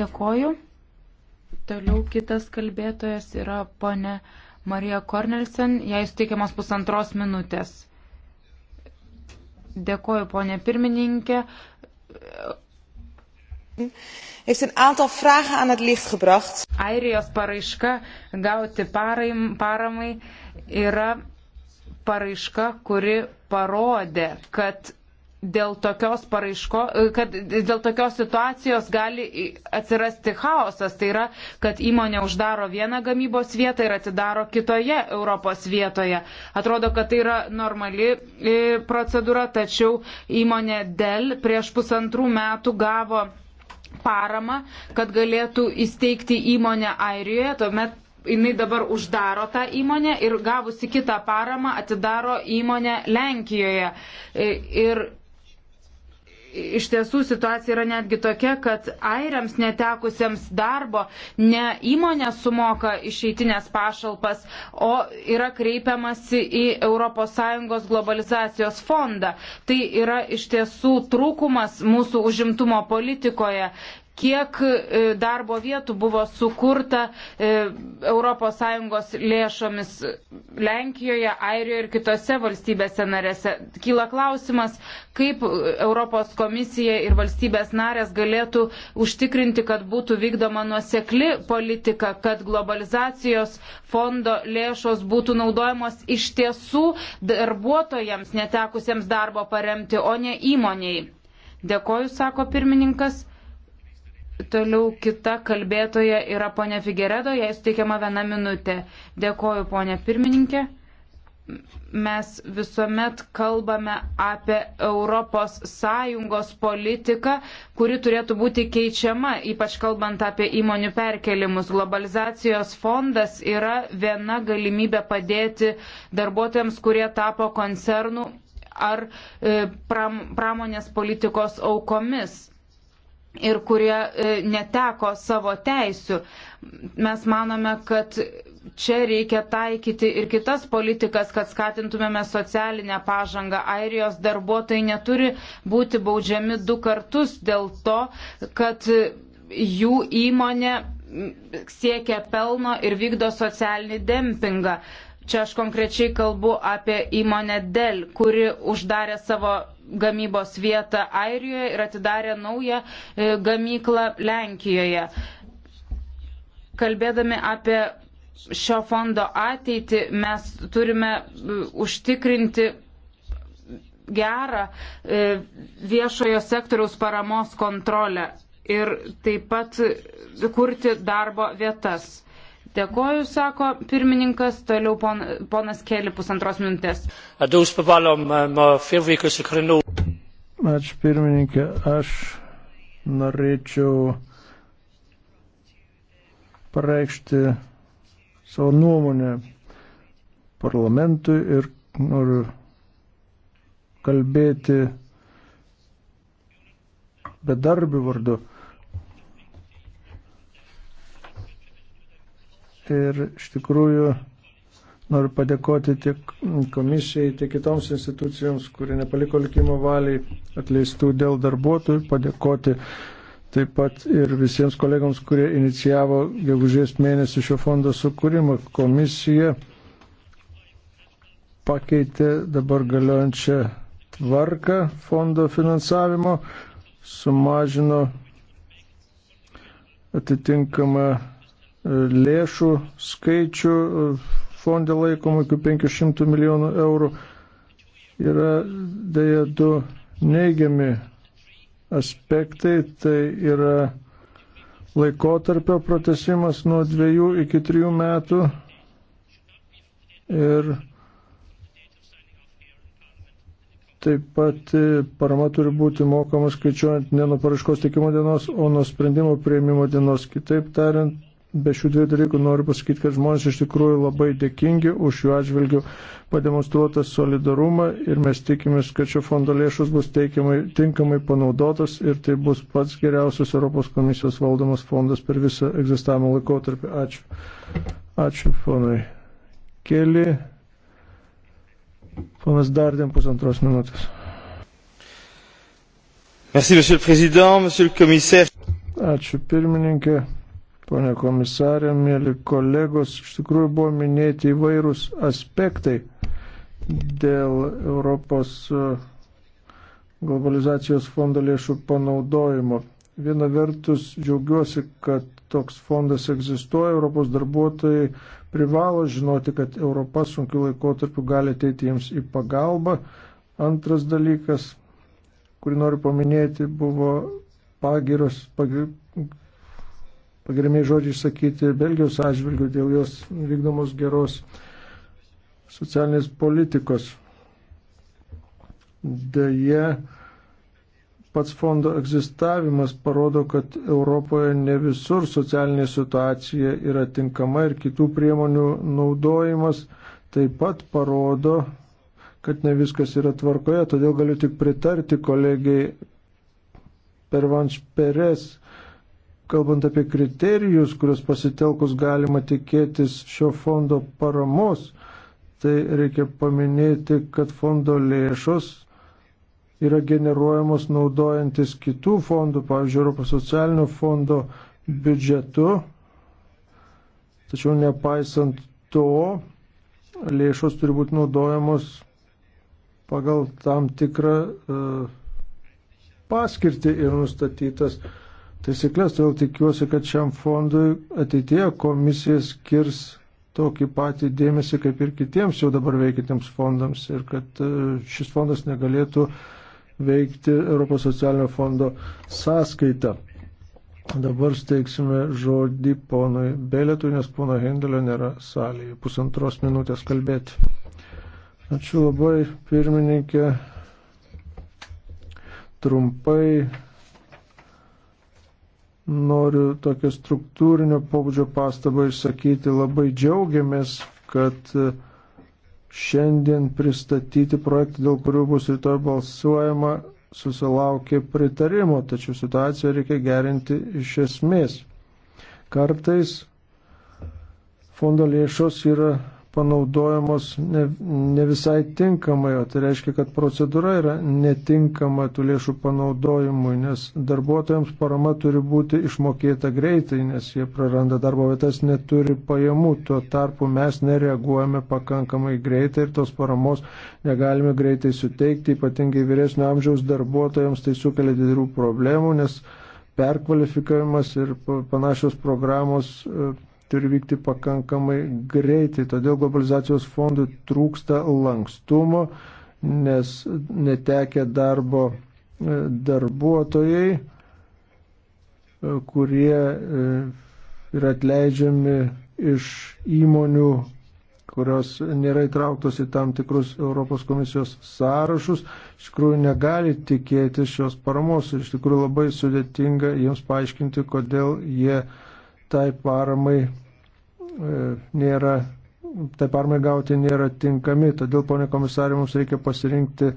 Dėkoju. Toliau kitas kalbėtojas yra ponė Marija Kornelsen. Jai suteikiamas pusantros minutės. Dėkoju, ponė pirmininkė heeft een aantal vragen aan het licht gebracht. Airijos paraiška gauti param, paramai yra paraiška, kuri parodė, kad dėl tokios, paraiško, kad dėl tokios situacijos gali atsirasti chaosas. Tai yra, kad įmonė uždaro vieną gamybos vietą ir atidaro kitoje Europos vietoje. Atrodo, kad tai yra normali e, procedūra, tačiau įmonė Dell prieš pusantrų metų gavo paramą, kad galėtų įsteigti įmonę Airijoje, tuomet jinai dabar uždaro tą įmonę ir gavusi kitą paramą atidaro įmonę Lenkijoje. E, ir iš tiesų situacija yra netgi tokia, kad airiams netekusiems darbo ne įmonė sumoka išeitinės pašalpas, o yra kreipiamasi į ES globalizacijos fondą. Tai yra iš tiesų trūkumas mūsų užimtumo politikoje kiek e, darbo vietų buvo sukurta ES lėšomis Lenkijoje, Airijoje ir kitose valstybėse narėse. Kyla klausimas, kaip Europos komisija ir valstybės narės galėtų užtikrinti, kad būtų vykdoma nuosekli politika, kad globalizacijos fondo lėšos būtų naudojamos iš tiesų darbuotojams netekusiems darbo paremti, o ne įmoniai. Dėkoju, sako pirmininkas. Toliau kita kalbėtoja yra ponė Figeredo, jai suteikiama viena minutė. Dėkoju, ponė pirmininkė. Mes visuomet kalbame apie ES politiką, kuri turėtų būti keičiama, ypač kalbant apie įmonių perkelimus. Globalizacijos fondas yra viena galimybė padėti darbuotojams, kurie tapo koncernų ar e, pram, pramonės politikos aukomis ir kurie e, neteko savo teisių. Mes manome, kad čia reikia taikyti ir kitas politikas, kad skatintumėme socialinę pažangą. Airijos darbuotojai neturi būti baudžiami du kartus dėl to, kad jų įmonė siekia pelno ir vykdo socialinį dempingą. Čia aš konkrečiai kalbu apie įmonę Dell, kuri uždarė savo gamybos vietą Airijoje ir atidarė naują e, gamyklą Lenkijoje. Kalbėdami apie šio fondo ateitį, mes turime e, užtikrinti gerą e, viešojo sektoriaus paramos kontrolę ir taip pat kurti darbo vietas. Dėkoju, sako pirmininkas, toliau pon, ponas Keli pusantros minutės. Ačiū pirmininkė, aš norėčiau pareikšti savo nuomonę parlamentui ir noriu kalbėti bedarbių vardu. Ir iš tikrųjų noriu padėkoti tiek komisijai, tiek kitoms institucijoms, kurie nepaliko likimo valiai atleistų dėl darbuotojų, padėkoti taip pat ir visiems kolegams, kurie inicijavo gegužės mėnesį šio fondo sukūrimą. Komisija pakeitė dabar galiojančią tvarką fondo finansavimo, sumažino atitinkamą lėšų skaičių fondė laikomų iki 500 milijonų eurų yra dėja du neigiami aspektai. Tai yra laikotarpio pratesimas nuo dviejų iki trijų metų ir taip pat parama turi būti mokama skaičiuojant ne nuo paraškos tikimo dienos, o nuo sprendimo prieimimo dienos. Kitaip tariant, be šių dviejų dalykų noriu pasakyti, kad žmonės iš tikrųjų labai dėkingi už jų atžvilgių pademonstruotą solidarumą ir mes tikimės, kad šio fondo lėšus bus teikiamai, tinkamai panaudotas ir tai bus pats geriausias Europos komisijos valdomas fondas per visą egzistavimo laikotarpį. Ačiū. Ačiū, ponai. Keli. Ponas Dardėm pusantros minutės. Merci, monsieur le président, monsieur le commissaire. Ačiū pirmininkė, Pone komisarė, mėly kolegos, iš tikrųjų buvo minėti įvairūs aspektai dėl Europos e, globalizacijos fondo lėšų panaudojimo. Viena vertus džiaugiuosi, kad toks fondas egzistuoja, Europos darbuotojai privalo žinoti, kad Europa sunkiu laikotarpiu gali ateiti jiems į pagalbą. Antras dalykas, kurį noriu paminėti, buvo pagiros, pagir, pagirimiai žodžiai išsakyti Belgijos atžvilgių dėl jos vykdomos geros socialinės politikos. Deja, pats fondo egzistavimas parodo, kad Europoje ne visur socialinė situacija yra tinkama ir kitų priemonių naudojimas taip pat parodo, kad ne viskas yra tvarkoje, todėl galiu tik pritarti kolegiai Pervanš Peres kalbant apie kriterijus, kurios pasitelkus galima tikėtis šio fondo paramos, tai reikia paminėti, kad fondo lėšos yra generuojamos naudojantis kitų fondų, pavyzdžiui, Europos socialinio fondo biudžetu. Tačiau nepaisant to, lėšos turi būti naudojamos pagal tam tikrą uh, paskirtį ir nustatytas uh, taisyklės, todėl tikiuosi, kad šiam fondui ateitie komisija skirs tokį patį dėmesį kaip ir kitiems jau dabar veikitiems fondams ir kad e, šis fondas negalėtų veikti Europos socialinio fondo sąskaitą. Dabar steiksime žodį ponui Belėtui, nes pono Hendelio nėra salėje. Pusantros minutės kalbėti. Ačiū labai, pirmininkė. Trumpai noriu tokią struktūrinio pobūdžio pastabą išsakyti. Labai džiaugiamės, kad e, šiandien pristatyti projektai, dėl kurių bus rytoj balsuojama, susilaukė pritarimo, tačiau situaciją reikia gerinti iš esmės. Kartais fondo lėšos yra panaudojamos ne, ne visai tinkamai, o tai reiškia, kad procedūra yra netinkama tų lėšų panaudojimui, nes darbuotojams parama turi būti išmokėta greitai, nes jie praranda darbo vietas, neturi pajamų, tuo tarpu mes nereaguojame pakankamai greitai ir tos paramos negalime greitai suteikti, ypatingai vyresnio amžiaus darbuotojams tai sukelia didelių problemų, nes perkvalifikavimas ir panašios programos e, turi vykti pakankamai greitai. Todėl globalizacijos fondui trūksta lankstumo, nes netekia darbo e, darbuotojai, e, kurie e, yra atleidžiami iš įmonių, kurios nėra įtrauktos į tam tikrus Europos komisijos sąrašus, iš tikrųjų negali tikėti šios paramos ir iš tikrųjų labai sudėtinga jiems paaiškinti, kodėl jie uh, tai paramai e, nėra, tai paramai gauti nėra tinkami. Todėl, ponė komisarė, mums reikia pasirinkti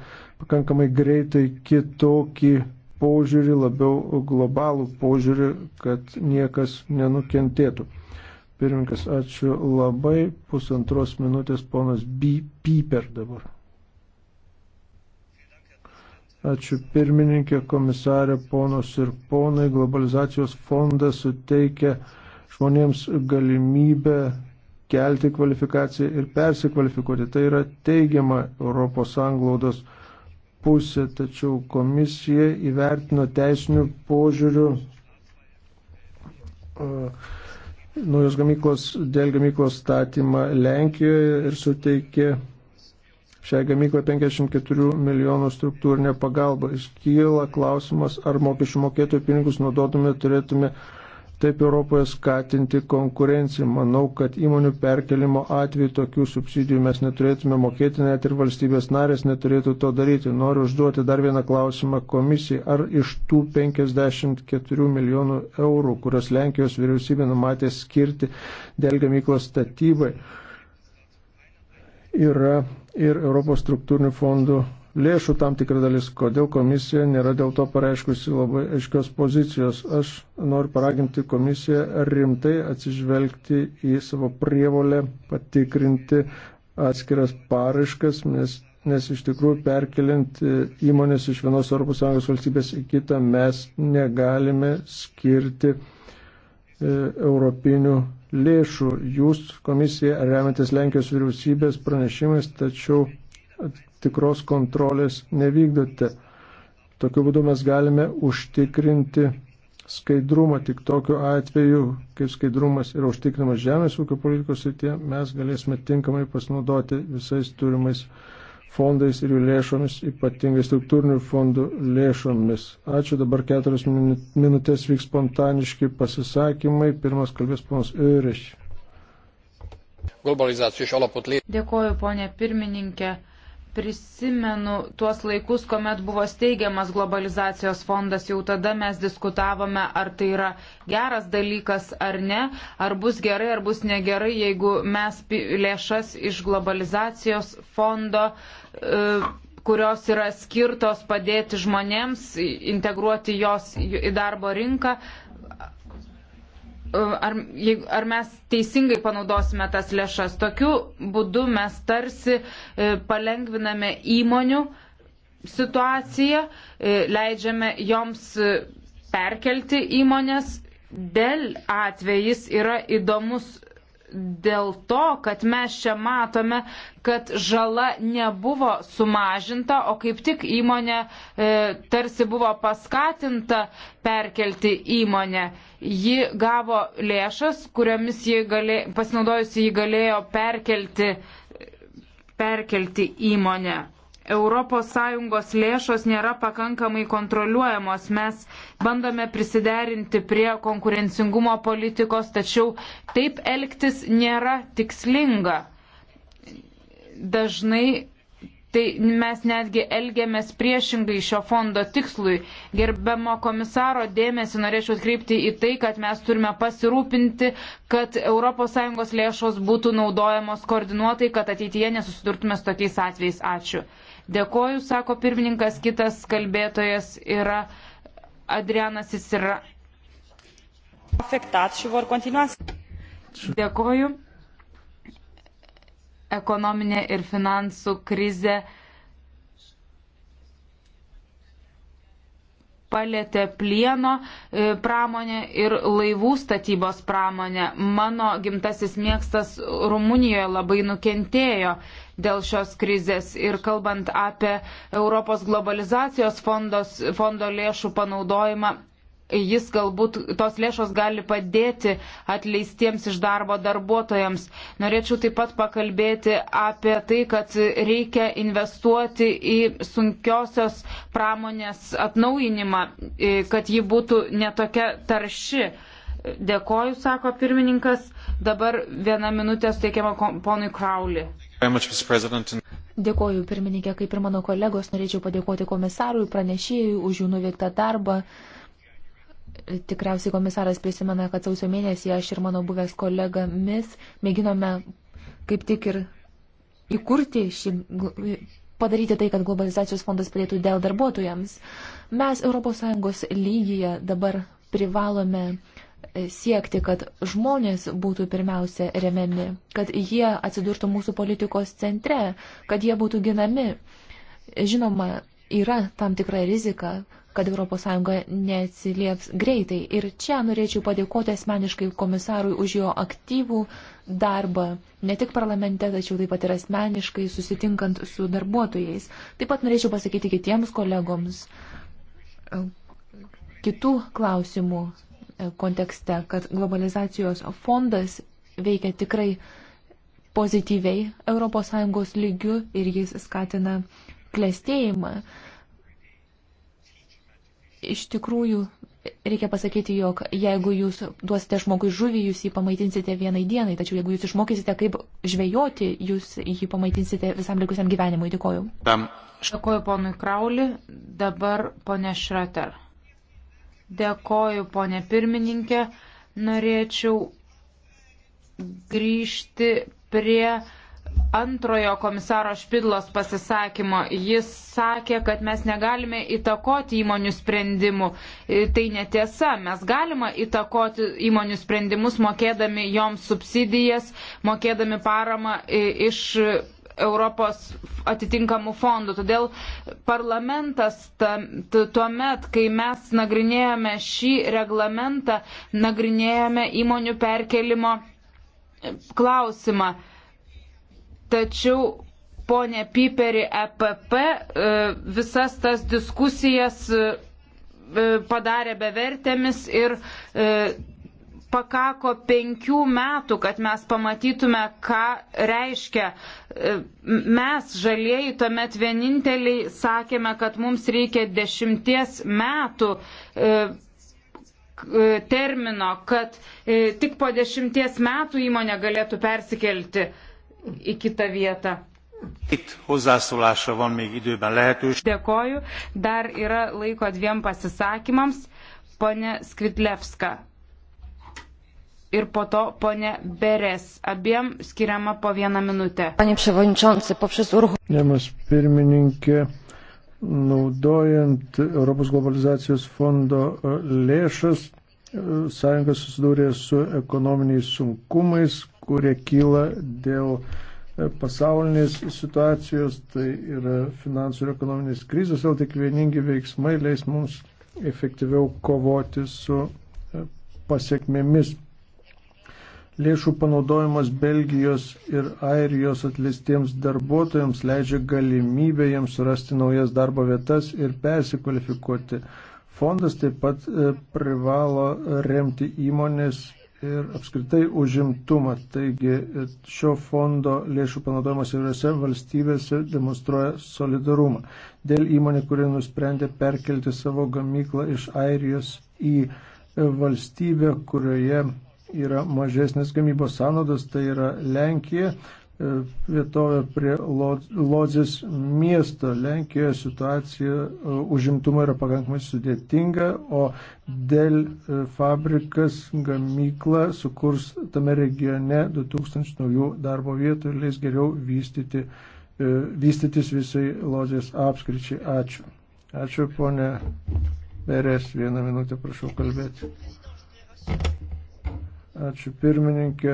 pakankamai greitai kitokį požiūrį, labiau globalų požiūrį, kad niekas nenukentėtų. Pirmininkas, ačiū labai. Pusantros minutės ponas B. Piper dabar. Ačiū pirmininkė, komisarė, ponos ir ponai. Globalizacijos fondas suteikia žmonėms galimybę kelti kvalifikaciją ir persikvalifikuoti. Tai yra teigiama Europos anglaudos pusė, tačiau komisija įvertino teisinių požiūrių uh, naujos gamyklos, dėl gamyklos statymą Lenkijoje ir suteikė šią gamyklą 54 milijonų struktūrinę pagalbą. Iškyla klausimas, ar mokesčių mokėtojų pinigus naudotume, turėtume taip Europoje skatinti konkurenciją. Manau, kad įmonių perkelimo atveju tokių subsidijų mes neturėtume mokėti, net ir valstybės narės neturėtų to daryti. Noriu užduoti dar vieną klausimą komisijai. Ar iš tų 54 milijonų eurų, kurios Lenkijos vyriausybė numatė skirti dėl gamyklos statybai, yra ir Europos struktūrinių fondų lėšų tam tikra dalis, kodėl komisija nėra dėl to pareiškusi labai aiškios pozicijos. Aš noriu paraginti komisiją rimtai atsižvelgti į savo prievolę patikrinti atskiras paraiškas, nes, nes iš tikrųjų perkeliant įmonės iš vienos ES valstybės į kitą mes negalime skirti e, europinių lėšų. Jūs komisija remiantis Lenkijos vyriausybės pranešimais, tačiau tikros kontrolės nevykdote. Tokiu būdu mes galime užtikrinti skaidrumą tik tokiu atveju, kaip skaidrumas yra užtikrinamas žemės ūkio politikos srityje, mes galėsime tinkamai pasinaudoti visais turimais fondais ir jų lėšomis, ypatingai struktūrinių fondų lėšomis. Ačiū, dabar keturias minutės vyks spontaniški pasisakymai. Pirmas kalbės ponas Iriš. Dėkoju, ponė pirmininkė prisimenu tuos laikus, kuomet buvo steigiamas globalizacijos fondas, jau tada mes diskutavome, ar tai yra geras dalykas ar ne, ar bus gerai, ar bus negerai, jeigu mes lėšas iš globalizacijos fondo e, kurios yra skirtos padėti žmonėms, integruoti jos į darbo rinką, Ehm, ar, ar mes teisingai panaudosime tas lėšas. Tokiu būdu mes tarsi e, palengviname įmonių situaciją, e, leidžiame joms e, perkelti įmonės. Dėl atvejis yra įdomus dėl to, kad mes čia matome, kad žala nebuvo sumažinta, o kaip tik įmonė e, tarsi buvo paskatinta perkelti įmonę. Ji gavo lėšas, kuriomis galė, pasinaudojusi jį galėjo perkelti, perkelti įmonę. ES lėšos nėra pakankamai kontroliuojamos. Mes bandome prisiderinti prie konkurencingumo politikos, tačiau taip elgtis nėra tikslinga. Dažnai tai mes netgi elgiamės priešingai šio fondo tikslui. Gerbiamo komisaro dėmesį norėčiau atkreipti į tai, kad mes turime pasirūpinti, kad ES lėšos būtų naudojamos koordinuotai, kad ateityje nesusidurtume su tokiais atvejais. Ačiū. Dėkoju, sako pirmininkas, kitas kalbėtojas yra Adrianas Isira. Dėkoju. Ekonominė ir finansų krize palėtė plieno e, pramonę ir laivų statybos pramonę. Mano gimtasis mėgstas Rumunijoje labai nukentėjo dėl šios krizės ir kalbant apie Europos globalizacijos fondos, fondo lėšų panaudojimą. Jis galbūt, tos lėšos gali padėti atleistiems iš darbo darbuotojams. Norėčiau taip pat pakalbėti apie tai, kad reikia investuoti į sunkiosios pramonės atnaujinimą, e, kad ji būtų netokia tarši. Dėkoju, sako pirmininkas. Dabar vieną minutę suteikiama ponui Krauli. Dėkoju, pirmininkė, kaip ir mano kolegos, norėčiau padėkoti komisarui, pranešėjui už jų nuveiktą darbą. Tikriausiai komisaras prisimena, kad sausio mėnesį aš ir mano buvęs kolega Mis mėginome kaip tik ir įkurti šį padaryti tai, kad globalizacijos fondas padėtų dėl darbuotojams. Mes ES lygyje dabar privalome uh, siekti, kad žmonės būtų pirmiausia remiami, kad jie atsidurtų mūsų politikos centre, kad jie būtų ginami. Žinoma, yra tam tikra rizika, kad ES neatsilieps greitai. Ir čia norėčiau padėkoti asmeniškai komisarui už jo aktyvų darbą, ne tik parlamente, tačiau taip pat ir asmeniškai susitinkant su darbuotojais. Taip pat norėčiau pasakyti kitiems kolegoms kitų klausimų kontekste, kad globalizacijos fondas veikia tikrai pozityviai ES lygių ir jis skatina klėstėjimą. Iš tikrųjų, reikia pasakyti, jog jeigu jūs duosite žmogui žuvį, jūs jį pamaitinsite vienai dienai, tačiau jeigu jūs išmokysite, kaip žvejoti, jūs jį pamaitinsite visam likusiam gyvenimui. Dėkoju. Dėkoju ponui Krauli, dabar ponė Šrater. Dėkoju, ponė pirmininkė. Norėčiau grįžti prie antrojo komisaro Špidlos pasisakymo. Jis sakė, kad mes negalime įtakoti įmonių sprendimų. E, tai netiesa. Mes galime įtakoti įmonių sprendimus, mokėdami joms subsidijas, mokėdami paramą e, iš Europos atitinkamų fondų. Todėl parlamentas tuomet, kai mes nagrinėjame šį reglamentą, nagrinėjame įmonių perkelimo klausimą. Tačiau ponė Piperi EPP e, visas tas diskusijas e, padarė bevertėmis ir e, pakako penkių metų, kad mes pamatytume, ką reiškia. E, mes žalieji tuomet vieninteliai sakėme, kad mums reikia dešimties metų e, e, termino, kad tik po dešimties metų įmonė galėtų persikelti į kitą vietą. Itt hozzászólásra van még időben lehetőség. Dėkoju. Dar yra laiko dviem pasisakymams. Pone Skvidlevska, ir po to ponė Beres. Abiem skiriama po vieną minutę. Panie Przewodniczący, poprzez urhu. Nemas pirmininkė, naudojant Europos globalizacijos fondo e, lėšas, e, sąjunga susidūrė su ekonominiais sunkumais, kurie kyla dėl e, pasaulinės situacijos, tai yra finansų ir ekonominės krizės, o tik vieningi veiksmai leis mums efektyviau kovoti su pasiekmėmis lėšų panaudojimas Belgijos ir Airijos atleistiems darbuotojams leidžia galimybę jiems surasti naujas darbo vietas ir persikvalifikuoti. Fondas taip pat e, privalo remti įmonės ir apskritai užimtumą. Taigi e, šio fondo lėšų panaudojimas įvairiose valstybėse demonstruoja solidarumą. Dėl įmonė, kuri nusprendė perkelti savo gamyklą iš Airijos į e, valstybę, kurioje yra mažesnės gamybos sąnaudos, tai yra Lenkija, e, vietovė prie Lodzės miesto. Lenkijoje situacija e, užimtumo yra pakankamai sudėtinga, o dėl e, fabrikas gamykla sukurs tame regione 2000 naujų darbo vietų ir leis geriau vystyti, vystytis visai Lodzės apskričiai. Ačiū. Ačiū, ponė Beres. Vieną minutę prašau kalbėti. Ačiū pirmininkė.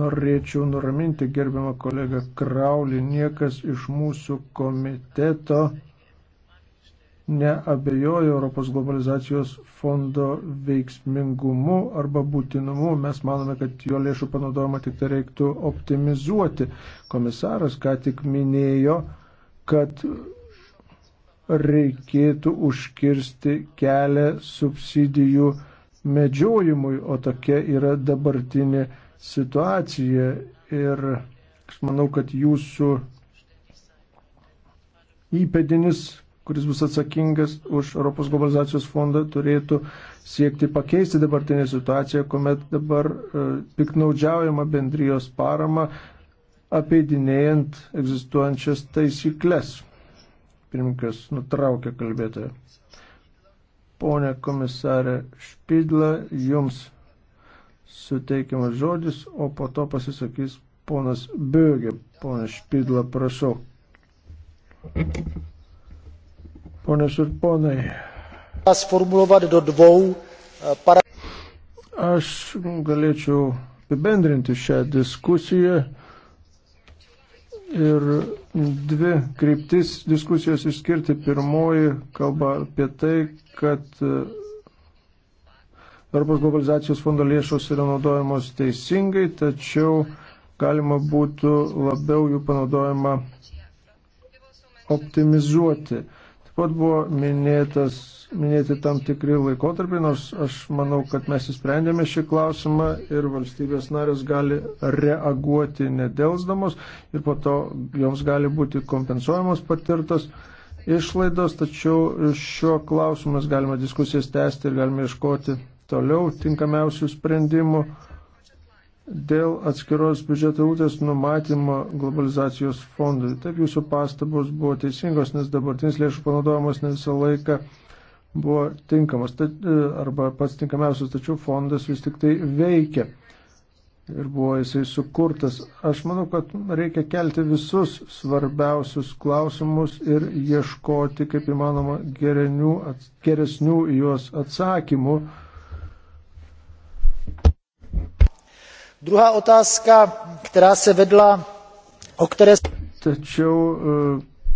Norėčiau nuraminti gerbiamą kolegą Kraulį, niekas iš mūsų komiteto neabejoja Europos globalizacijos fondo veiksmingumu arba būtinumu. Mes manome, kad jo lėšų panaudojimą tik tai reiktų optimizuoti. Komisaras ką tik minėjo, kad reikėtų užkirsti kelią subsidijų medžiojimui, o tokia yra dabartinė situacija. Ir aš manau, kad jūsų įpėdinis, kuris bus atsakingas už Europos globalizacijos fondą, turėtų siekti pakeisti dabartinę situaciją, kuomet dabar e, piknaudžiaujama bendrijos parama apeidinėjant egzistuojančias taisyklės. Pirmininkas nutraukė kalbėtoją. Pone komisarė Špidla, jums suteikiamas žodis, o po to pasisakys ponas Bögė. Pone Špidla, prašau. Ponas ir ponai. Sformuluoti do dvou eh, para. Aš galėčiau apibendrinti šią diskusiją ir dvi kryptis diskusijos išskirti. Pirmoji kalba apie tai, kad e, Europos globalizacijos fondo lėšos yra naudojamos teisingai, tačiau galima būtų labiau jų panaudojimą optimizuoti pat buvo minėtas, minėti tam tikri laikotarpiai, nors aš manau, kad mes įsprendėme šį klausimą ir valstybės narės gali reaguoti nedelsdamos ir po to joms gali būti kompensuojamos patirtas išlaidos, tačiau šiuo klausimu mes galime diskusijas tęsti ir galime iškoti toliau tinkamiausių sprendimų dėl atskiros biudžeto rūtės numatymo globalizacijos fondui. Taip jūsų pastabos buvo teisingos, nes dabartinis lėšų panaudojimas ne visą laiką buvo tinkamas e, arba pats tinkamiausias, tačiau fondas vis tik tai veikia ir buvo jisai sukurtas. Aš manau, kad reikia kelti visus svarbiausius klausimus ir ieškoti kaip įmanoma gerenių, geresnių juos atsakymų druhá otázka která se vedla o které Tačiau e,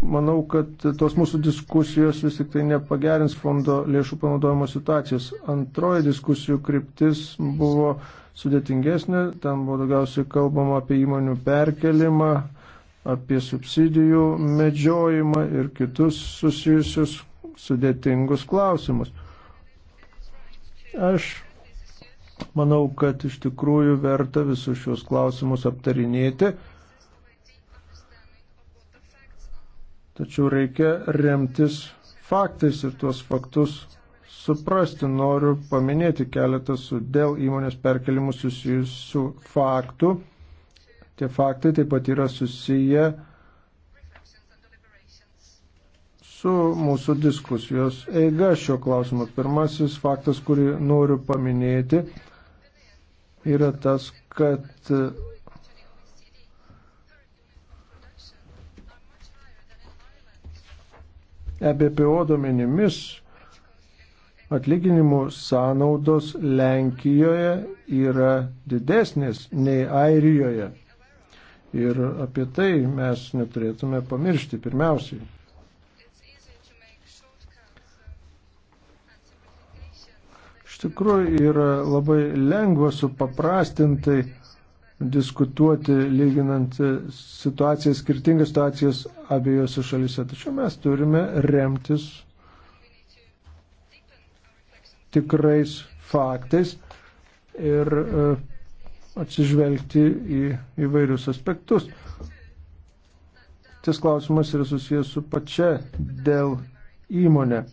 manau, kad tos mūsų diskusijos vis tik tai nepagerins fondo lėšų panaudojimo situacijos. Antroji diskusijų kryptis buvo sudėtingesnė, ten buvo daugiausiai kalbama apie įmonių perkelimą, apie subsidijų medžiojimą ir kitus susijusius sudėtingus klausimus. Aš Manau, kad iš tikrųjų verta visus šios klausimus aptarinėti. Tačiau reikia remtis faktais ir tuos faktus suprasti. Noriu paminėti keletą su dėl įmonės perkelimų susijusių faktų. Tie faktai taip pat yra susiję su mūsų diskusijos eiga šio klausimo. Pirmasis faktas, kurį noriu paminėti, yra tas, kad EBPO duomenimis atlyginimų sąnaudos Lenkijoje yra didesnės nei Airijoje. Ir apie tai mes neturėtume pamiršti pirmiausiai. Iš tikrųjų yra labai lengva supaprastintai diskutuoti, lyginant situacijas, skirtingas situacijas abiejose šalise. Tačiau mes turime remtis tikrais faktais ir e, atsižvelgti į įvairius aspektus. Ties klausimas yra susijęs su pačia dėl įmonė.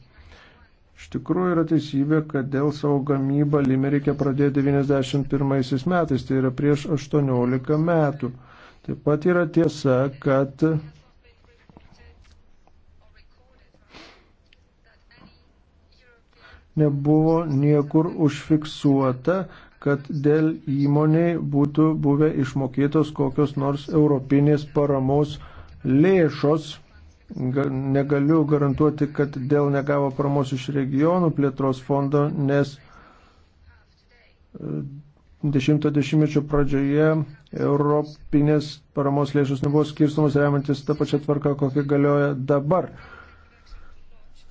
Iš tikrųjų yra teisybė, kad dėl savo gamybą Limerikė pradėjo 91 metais, tai yra prieš 18 metų. Taip pat yra tiesa, kad nebuvo niekur užfiksuota, kad dėl įmoniai būtų buvę išmokėtos kokios nors europinės paramos lėšos negaliu garantuoti, kad dėl negavo paramos iš regionų plėtros fondo, nes e, dešimto dešimtmečio pradžioje europinės paramos lėšos nebuvo skirstamos remiantis tą pačią tvarką, kokią galioja dabar.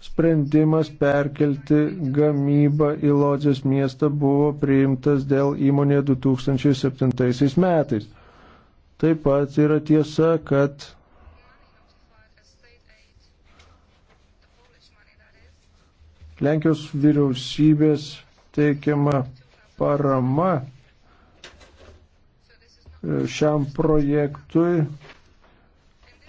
Sprendimas perkelti gamybą į Lodzės miestą buvo priimtas dėl įmonėje 2007 metais. Taip pat yra tiesa, kad Lenkijos vyriausybės teikiama parama e, šiam projektui.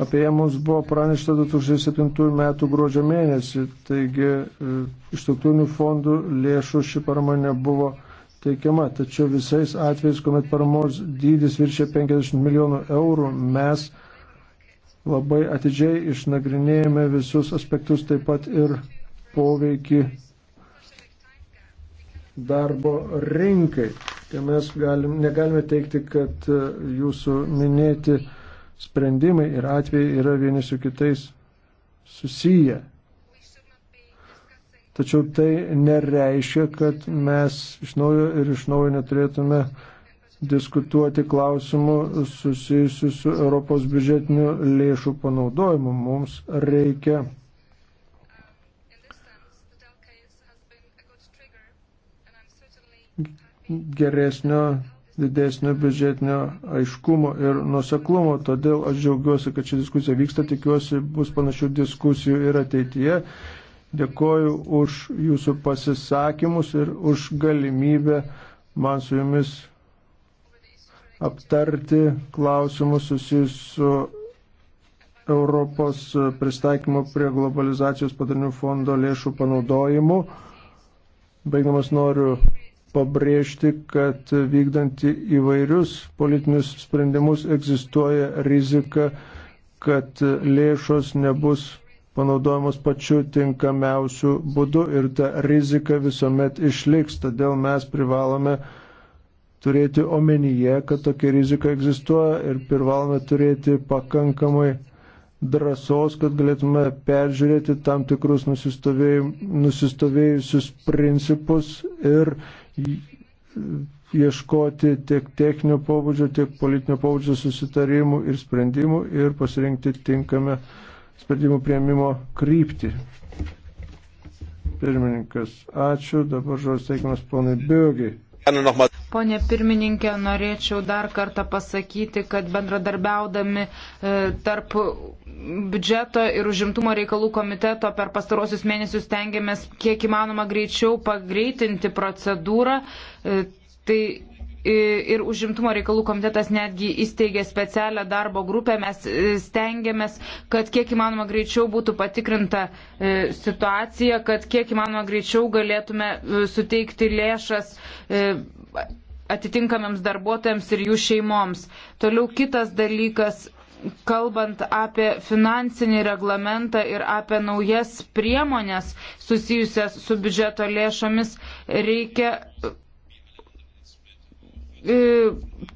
Apie ją mums buvo pranešta 2007 metų gruodžio mėnesį, taigi e, iš struktūrinių fondų lėšų ši parama nebuvo teikiama. Tačiau visais atvejais, kuomet paramos dydis viršė 50 milijonų eurų, mes labai atidžiai išnagrinėjame visus aspektus, taip pat ir poveikį darbo rinkai. Tai mes galim, negalime teikti, kad e, jūsų minėti sprendimai ir atvejai yra vieni su kitais susiję. Tačiau tai nereiškia, kad mes iš naujo ir iš naujo neturėtume diskutuoti klausimų susijusių su Europos biudžetiniu lėšų panaudojimu. Mums reikia geresnio, didesnio biudžetinio aiškumo ir nuseklumo. Todėl aš džiaugiuosi, kad ši diskusija vyksta, tikiuosi bus panašių diskusijų ir ateityje. Dėkoju už jūsų pasisakymus ir už galimybę man su jumis aptarti klausimus susijusius su Europos pristaikymo prie globalizacijos padarinių fondo lėšų panaudojimu. Baigdamas noriu pabrėžti, kad vykdant įvairius politinius sprendimus egzistuoja rizika, kad lėšos nebus panaudojamos pačiu tinkamiausiu būdu ir ta rizika visuomet išliks. Todėl mes privalome turėti omenyje, kad tokia rizika egzistuoja ir privalome turėti pakankamai drąsos, kad galėtume peržiūrėti tam tikrus nusistovėjusius principus ir ieškoti tiek techninio pobūdžio, tiek politinio pobūdžio susitarimų ir sprendimų ir pasirinkti tinkamą sprendimų prieimimo kryptį. Pirmininkas, ačiū. Dabar žodis teikiamas ponai Biogiai. Pone pirmininkė, norėčiau dar kartą pasakyti, kad bendradarbiaudami e, tarp biudžeto ir užimtumo reikalų komiteto per pastarosius mėnesius tengiamės kiek įmanoma greičiau pagreitinti procedūrą. E, tai ir užimtumo reikalų komitetas netgi įsteigė specialią darbo grupę. Mes e, stengiamės, kad kiek įmanoma greičiau būtų patikrinta e, situacija, kad kiek įmanoma greičiau galėtume e, suteikti lėšas atitinkamiems darbuotojams ir jų šeimoms. Toliau kitas dalykas kalbant apie finansinį reglamentą ir apie naujas priemonės susijusias su biudžeto lėšomis, reikia E,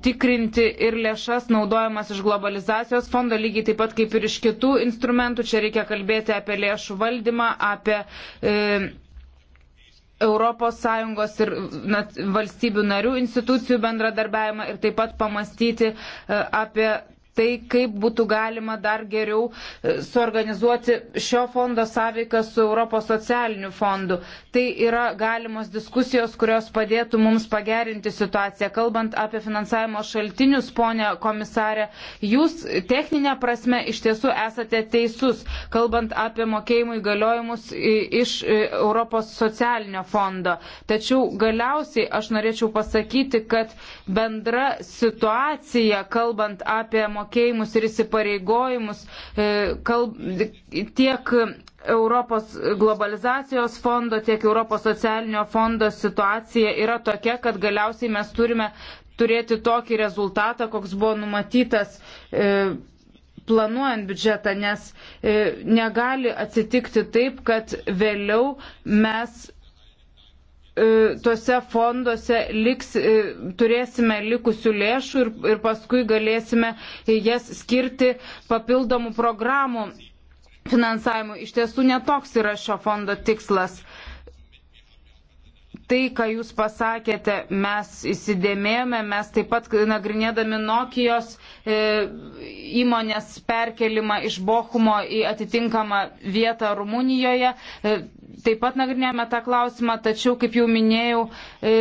tikrinti ir lėšas naudojamas iš globalizacijos fondo, lygiai taip pat kaip ir iš kitų instrumentų. Čia reikia kalbėti apie lėšų valdymą, apie e, ES ir na, valstybių narių institucijų bendradarbiavimą ir taip pat pamastyti e, apie tai, kaip būtų galima dar geriau e, suorganizuoti šio fondo sąveiką su Europos socialiniu fondu. Tai yra galimos diskusijos, kurios padėtų mums pagerinti situaciją. Kalbant apie finansavimo šaltinius, ponė komisarė, jūs techninė prasme iš tiesų esate teisus, kalbant apie mokėjimų įgaliojimus iš e, Europos socialinio fondo. Tačiau galiausiai aš norėčiau pasakyti, kad bendra situacija, kalbant apie mokėjimų mokėjimus ir įsipareigojimus e, kalb, tiek Europos globalizacijos fondo, tiek Europos socialinio fondo situacija yra tokia, kad galiausiai mes turime turėti tokį rezultatą, koks buvo numatytas e, planuojant biudžetą, nes e, negali atsitikti taip, kad vėliau mes E, tuose fonduose liks, e, turėsime likusių lėšų ir, ir paskui galėsime jas skirti papildomų programų finansavimui. Iš tiesų netoks yra šio fondo tikslas. Tai, ką Jūs pasakėte, mes įsidėmėjome, mes taip pat nagrinėdami Nokijos e, įmonės perkelimą iš Bochumo į atitinkamą vietą Rumunijoje, e, taip pat nagrinėjame tą klausimą, tačiau, kaip jau minėjau, e,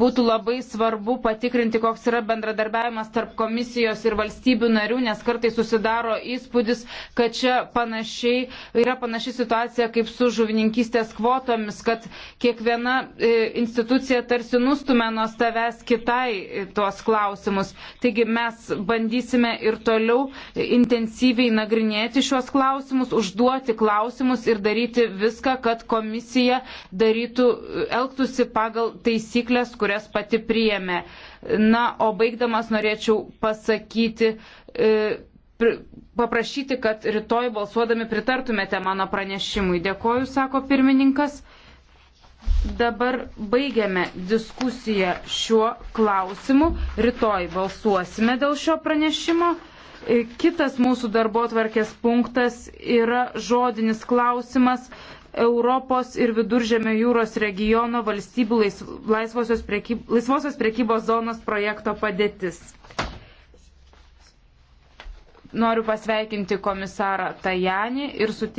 būtų labai svarbu patikrinti, koks yra bendradarbiavimas tarp komisijos ir valstybių narių, nes kartai susidaro įspūdis, kad čia panašiai, yra panaši situacija kaip su žuvininkystės kvotomis, kad kiekviena e, institucija tarsi nustumė nuo savęs kitai e, tuos klausimus. Taigi mes bandysime ir toliau intensyviai nagrinėti šios klausimus, užduoti klausimus ir daryti viską, kad komisija komisija darytų, elgtųsi pagal taisyklės, kurias pati priėmė. Na, o baigdamas norėčiau pasakyti, e, paprašyti, kad rytoj balsuodami pritartumėte mano pranešimui. Dėkoju, sako pirmininkas. Dabar baigiame diskusiją šiuo klausimu. Rytoj balsuosime dėl šio pranešimo. E, kitas mūsų darbo tvarkės punktas yra žodinis klausimas Europos ir Viduržėmio jūros regiono valstybių laisvosios, prekyb, laisvosios prekybos zonos projekto padėtis. Noriu pasveikinti komisarą Tajanį ir suteikti.